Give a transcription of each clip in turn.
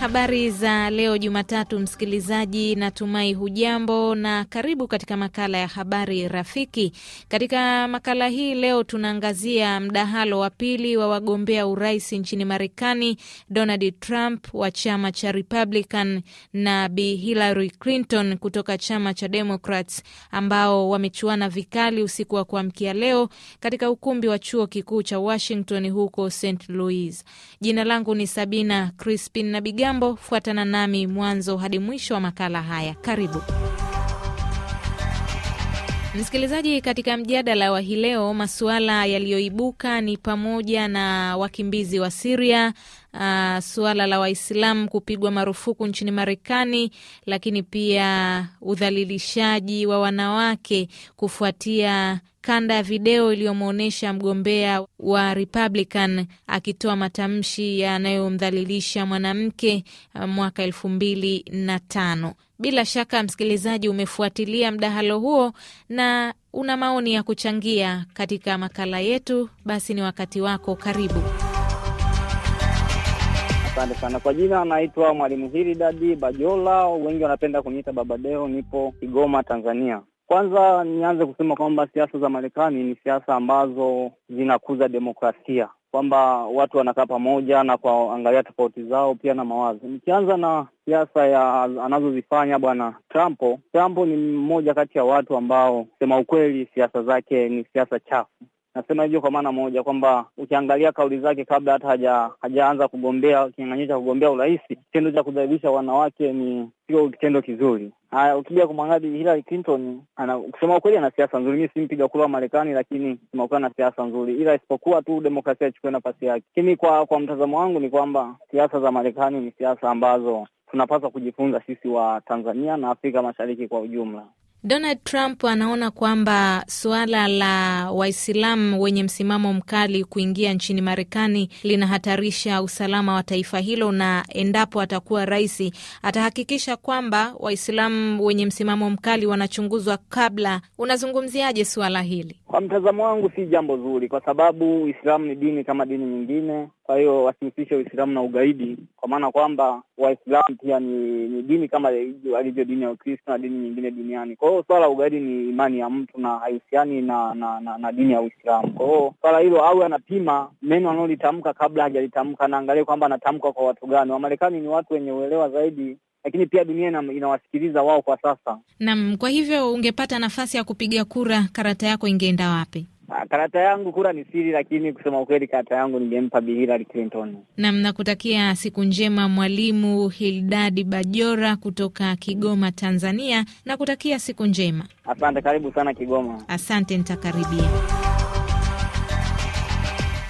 Habari za leo Jumatatu, msikilizaji, natumai hujambo na karibu katika makala ya habari rafiki. Katika makala hii leo tunaangazia mdahalo wa pili wa wagombea urais nchini Marekani, Donald Trump wa chama cha Republican na Bi Hillary Clinton kutoka chama cha Democrats, ambao wamechuana vikali usiku wa kuamkia leo katika ukumbi wa chuo kikuu cha Washington huko St Louis. Jina langu ni Sabina Crispin Nabiga Hujambo, fuatana nami mwanzo hadi mwisho wa makala haya. Karibu msikilizaji. Katika mjadala wa hii leo, masuala yaliyoibuka ni pamoja na wakimbizi wa Siria uh, suala la Waislamu kupigwa marufuku nchini Marekani, lakini pia udhalilishaji wa wanawake kufuatia kanda ya video iliyomwonyesha mgombea wa Republican akitoa matamshi yanayomdhalilisha mwanamke ah, mwaka elfu mbili na tano. Bila shaka msikilizaji, umefuatilia mdahalo huo na una maoni ya kuchangia katika makala yetu, basi ni wakati wako. Karibu. Asante sana kwa jina, anaitwa Mwalimu Hiridadi Bajola, wengi wanapenda kuniita Baba Deo, nipo Kigoma, Tanzania. Kwanza nianze kusema kwamba siasa za Marekani ni siasa ambazo zinakuza demokrasia, kwamba watu wanakaa pamoja na kuangalia tofauti zao pia na mawazo. Nikianza na siasa ya anazozifanya bwana Trump. Trump ni mmoja kati ya watu ambao sema ukweli, siasa zake ni siasa chafu. Nasema hivyo kwa maana moja kwamba ukiangalia kauli zake kabla hata haja hajaanza kugombea kinyang'anyiro cha kugombea urais, kitendo cha kudhalilisha wanawake ni sio kitendo kizuri. Haya, ukija kumwangalia Hillary Clinton ana, kusema ukweli, ana siasa nzuri. Mi si mpiga kura wa Marekani, lakini kusema ukweli, ana siasa nzuri, ila isipokuwa tu demokrasia ichukue nafasi yake. Lakini kwa kwa mtazamo wangu ni kwamba siasa za Marekani ni siasa ambazo tunapaswa kujifunza sisi wa Tanzania na Afrika Mashariki kwa ujumla. Donald Trump anaona kwamba suala la Waislamu wenye msimamo mkali kuingia nchini Marekani linahatarisha usalama wa taifa hilo, na endapo atakuwa rais atahakikisha kwamba Waislamu wenye msimamo mkali wanachunguzwa kabla. Unazungumziaje suala hili? Kwa mtazamo wangu, si jambo zuri, kwa sababu Uislamu ni dini kama dini nyingine. Kwa hiyo wasihusishe Uislamu na ugaidi, kwa maana kwamba Waislamu pia ni, ni dini kama alivyo dini ya Ukristo na dini nyingine duniani. Kwa hiyo swala la ugaidi ni imani ya mtu na haihusiani na, na, na, na dini ya Uislamu. Kwa hiyo swala hilo awe anapima neno analolitamka kabla hajalitamka, naangalia kwamba anatamka kwa watu gani. Wamarekani ni watu wenye uelewa zaidi lakini pia dunia inawasikiliza wao kwa sasa. Naam, kwa hivyo ungepata nafasi ya kupiga kura, karata yako ingeenda wapi? Ah, karata yangu kura ni siri, lakini kusema ukweli, karata yangu ningempa Bi Hillary Clinton. Nam, nakutakia siku njema Mwalimu Hildadi Bajora kutoka Kigoma, Tanzania. Nakutakia siku njema, asante. Karibu sana Kigoma. Asante, nitakaribia.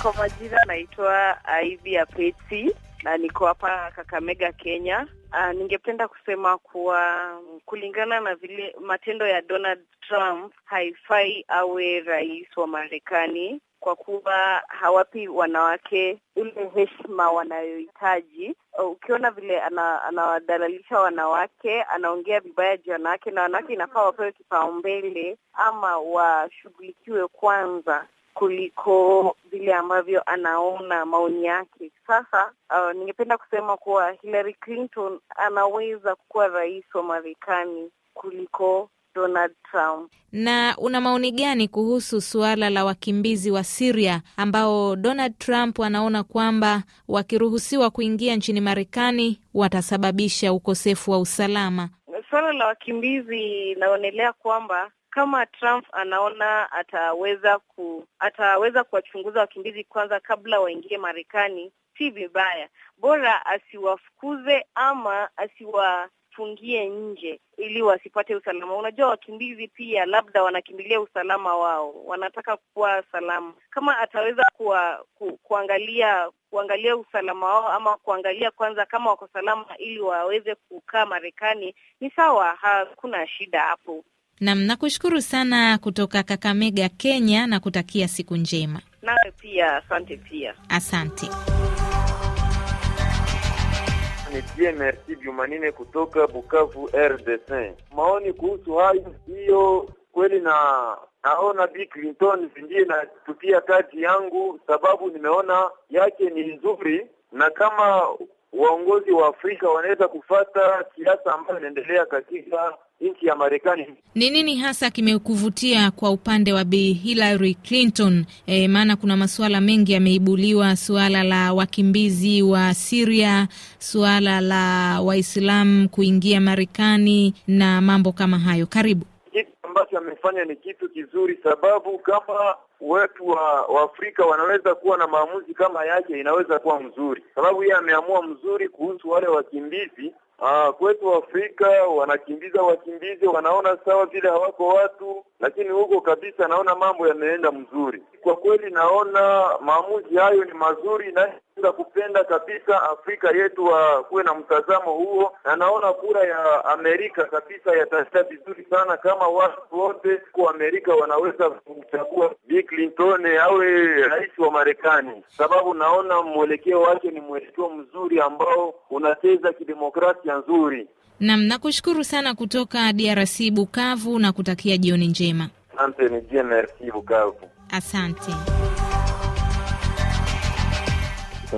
Kwa majina naitwa Aivi Apeti na niko hapa Kakamega, Kenya. Uh, ningependa kusema kuwa kulingana na vile matendo ya Donald Trump haifai awe rais wa Marekani kwa kuwa hawapi wanawake ile heshima wanayohitaji. Ukiona vile anawadalalisha ana wanawake, anaongea vibaya juu wanawake, na wanawake inafaa wapewe kipaumbele ama washughulikiwe kwanza kuliko vile ambavyo anaona maoni yake. Sasa uh, ningependa kusema kuwa Hillary Clinton anaweza kuwa rais wa Marekani kuliko Donald Trump. Na una maoni gani kuhusu suala la wakimbizi wa siria ambao Donald Trump anaona kwamba wakiruhusiwa kuingia nchini Marekani watasababisha ukosefu wa usalama? Suala la wakimbizi naonelea kwamba kama Trump anaona ataweza ku, ataweza kuwachunguza wakimbizi kwanza kabla waingie Marekani, si vibaya, bora asiwafukuze ama asiwa fungie nje ili wasipate usalama. Unajua, wakimbizi pia labda wanakimbilia usalama wao, wanataka kuwa salama. Kama ataweza kuwa, ku, kuangalia kuangalia usalama wao ama kuangalia kwanza kama wako salama ili waweze kukaa Marekani, ni sawa, hakuna shida hapo. Nam, nakushukuru sana kutoka Kakamega, Kenya, na kutakia siku njema. Nawe pia asante. Pia asante. Ni pia merci Jumanine kutoka Bukavu, RDC. Maoni kuhusu hayo hiyo kweli, na naona Bi Clinton ndiye natutia kati yangu, sababu nimeona yake ni nzuri, na kama waongozi wa Afrika wanaweza kufata siasa ambayo inaendelea katika nchi ya Marekani. Ni nini hasa kimekuvutia kwa upande wa Bi Hillary Clinton? E, maana kuna masuala mengi yameibuliwa, suala la wakimbizi wa siria suala la Waislamu kuingia Marekani na mambo kama hayo. Karibu. Kitu ambacho amefanya ni kitu kizuri, sababu kama watu wa, wa Afrika wanaweza kuwa na maamuzi kama yake, inaweza kuwa mzuri, sababu yeye ameamua mzuri kuhusu wale wakimbizi Ah, kwetu Afrika wanakimbiza wakimbizi, wanaona sawa vile hawako watu lakini huko kabisa naona mambo yameenda mzuri. Kwa kweli naona maamuzi hayo ni mazuri na za kupenda kabisa Afrika yetu wakuwe na mtazamo huo, na naona kura ya Amerika kabisa yataenda vizuri sana, kama watu wote kwa Amerika wanaweza kumchagua Bill Clinton awe rais wa Marekani, sababu naona mwelekeo wake ni mwelekeo mzuri ambao unacheza kidemokrasia nzuri. Nam, nakushukuru sana kutoka DRC Bukavu na kutakia jioni njema njema. Asante.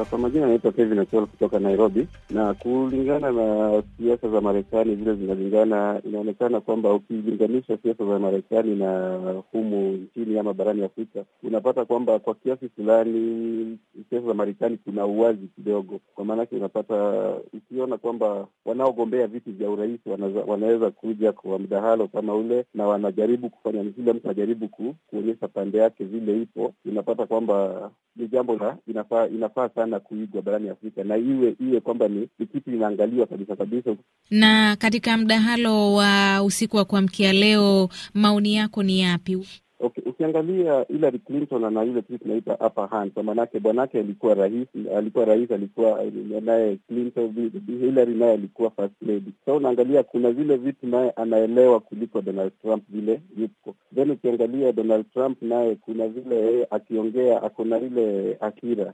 Kwa majina anaitwa Kevin Achol kutoka Nairobi. Na kulingana na siasa za Marekani vile zinalingana, inaonekana kwamba ukilinganisha siasa za Marekani na humu nchini ama barani Afrika, unapata kwamba kwa kiasi fulani siasa za Marekani kuna uwazi kidogo. Kwa maanake, unapata ukiona kwamba wanaogombea viti vya urais wanaweza kuja kwa mdahalo kama ule, na wanajaribu kufanya, kila mtu anajaribu kuonyesha pande yake vile ipo, unapata kwamba ni jambo la inafaa inafaa sana kuigwa barani Afrika na iwe iwe kwamba ni kitu inaangaliwa kabisa kabisa. Na katika mdahalo wa usiku wa kuamkia leo, maoni yako ni yapi? Okay, ukiangalia Hillary Clinton ana yule kitu tunaita upper hand, kwa maanake bwanake alikuwa rais, alikuwa rais, alikuwa naye Clinton, Hillary naye alikuwa first lady. So unaangalia kuna vile vitu naye anaelewa kuliko Donald Trump vile yuko. Then ukiangalia Donald Trump naye kuna vile yeye akiongea ako na ile akira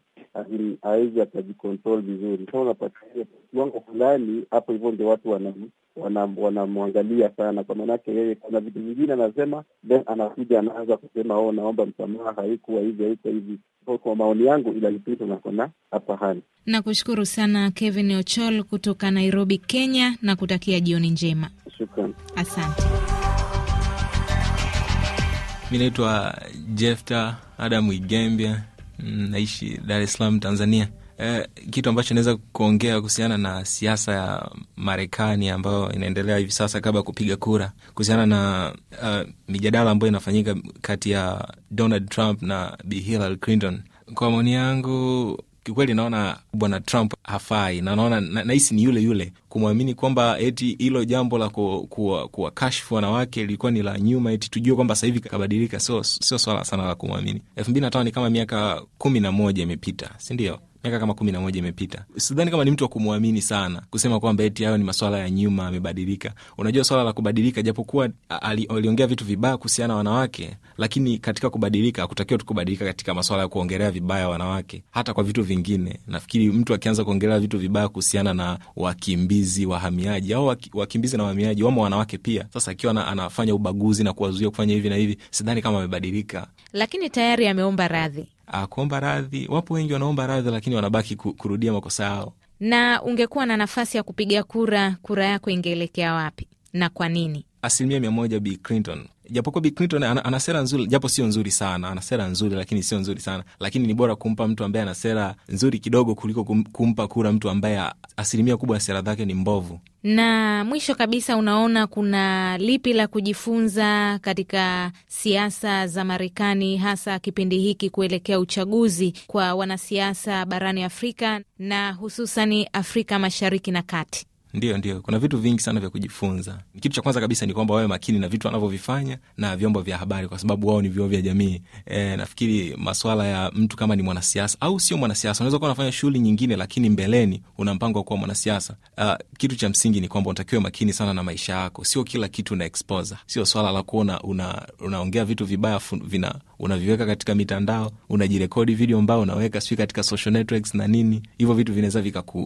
hawezi akajikontrol vizuri, so unapatia kiwango fulani hapo, hivyo ndio watu wanamwangalia wana, wana sana, kwa maanake yeye kuna vitu vingine anasema then anakuja na anaanza kusema o oh, naomba msamaha, haikuwa hivi, haikuwa hivi. Kwa maoni yangu ilalipitwa na kona na Nakushukuru sana Kevin Ochol kutoka Nairobi, Kenya, na kutakia jioni njema. Shukran, asante. Mi naitwa Jefta Adamu Igembia, naishi Dar es Salaam, Tanzania. Eh, kitu ambacho naweza kuongea kuhusiana na siasa ya Marekani ambayo inaendelea hivi sasa kabla ya kupiga kura, kuhusiana na uh, mijadala ambayo inafanyika kati ya Donald Trump na Bi Hillary Clinton. Kwa maoni yangu kikweli, naona bwana Trump hafai na naona nahisi na ni yule yule kumwamini kwamba eti hilo jambo la kuwakashfu wanawake lilikuwa ni la nyuma, eti tujue kwamba sahivi kabadilika. Sio so, swala sana la kumwamini. elfu mbili na tano ni kama miaka kumi na moja imepita, sindio? miaka kama kumi na moja imepita. Sidhani kama ni mtu wa kumwamini sana kusema kwamba eti hayo ni maswala ya nyuma, amebadilika. Unajua, swala la kubadilika, japokuwa aliongea vitu vibaya kuhusiana na wanawake, lakini katika kubadilika hakutakiwa tu kubadilika katika maswala ya kuongelea vibaya wanawake, hata kwa vitu vingine. Nafikiri mtu akianza kuongelea vitu vibaya kuhusiana na wakimbizi, wahamiaji au wakimbizi na wahamiaji, wamo wanawake pia. Sasa akiwa anafanya ubaguzi na kuwazuia kufanya hivi na hivi, sidhani kama amebadilika, lakini tayari ameomba radhi. Ah, kuomba radhi. Wapo wengi wanaomba radhi, lakini wanabaki kurudia makosa yao. Na ungekuwa na nafasi ya kupiga kura, kura yako ingeelekea wapi na kwa nini? asilimia mia moja Bi Clinton japokuwa Bi Clinton ana sera nzuri, japo sio nzuri sana. Ana sera nzuri lakini sio nzuri sana, lakini ni bora kumpa mtu ambaye ana sera nzuri kidogo kuliko kumpa kura mtu ambaye asilimia kubwa ya sera zake ni mbovu. Na mwisho kabisa, unaona kuna lipi la kujifunza katika siasa za Marekani, hasa kipindi hiki kuelekea uchaguzi, kwa wanasiasa barani Afrika na hususani Afrika Mashariki na Kati? Ndio, ndio, kuna vitu vingi sana vya kujifunza. Kitu cha kwanza kabisa ni kwamba wawe makini na vitu wanavyovifanya na vyombo vya habari, kwa sababu wao ni vyombo vya jamii. E, nafikiri maswala ya mtu kama ni mwanasiasa au sio mwanasiasa, unaweza kuwa unafanya shughuli nyingine, lakini mbeleni una mpango wa kuwa mwanasiasa. Uh, kitu cha msingi ni kwamba unatakiwe makini sana na maisha yako. Sio kila kitu una expose, sio swala la kuona unaongea una, vitu vibaya vina unaviweka katika mitandao, unajirekodi video ambayo unaweka sijui katika social networks na nini, hivyo vitu vinaweza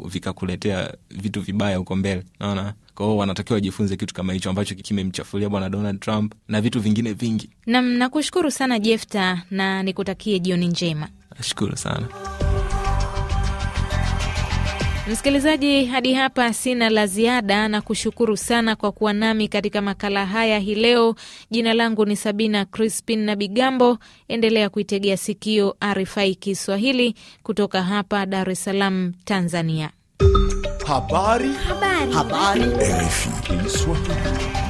vikakuletea ku, vika vitu vibaya huko mbele, naona kwao wanatakiwa wajifunze kitu kama hicho ambacho kimemchafulia bwana Donald Trump na vitu vingine vingi. Nam, nakushukuru sana Jefta na nikutakie jioni njema. Nashukuru sana. Msikilizaji, hadi hapa sina la ziada na kushukuru sana kwa kuwa nami katika makala haya hii leo. Jina langu ni Sabina Crispin na Bigambo. Endelea kuitegea sikio RFI Kiswahili kutoka hapa Dar es Salaam, Tanzania. Habari. Habari. Habari. Habari.